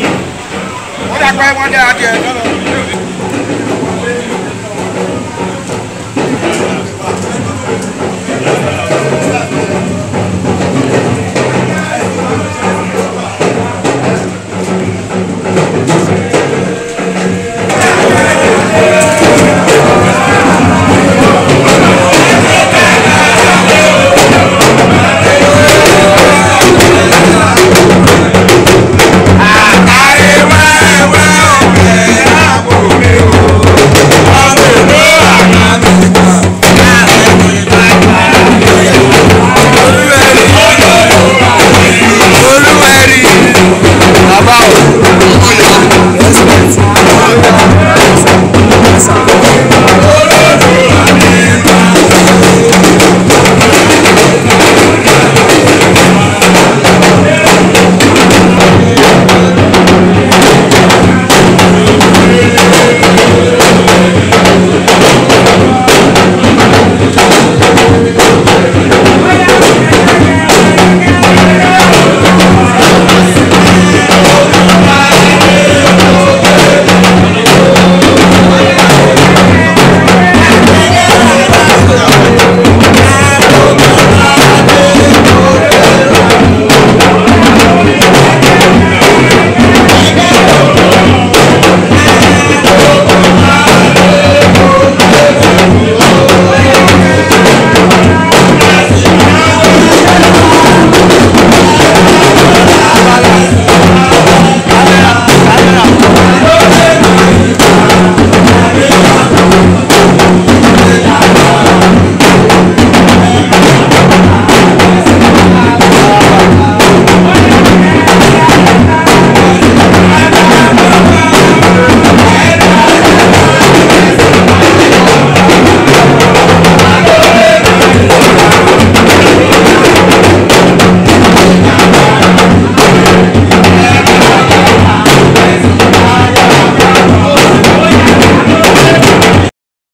lẹ́yìn. wọ́n dàgbà wọn dára tiẹ̀ lọ́nà. Yes, yes, yes.